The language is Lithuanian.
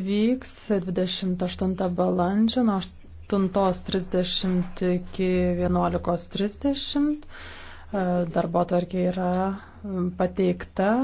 vyks 28 balandžio nuo 8.30 iki 11.30. Darbo tvarkė yra pateikta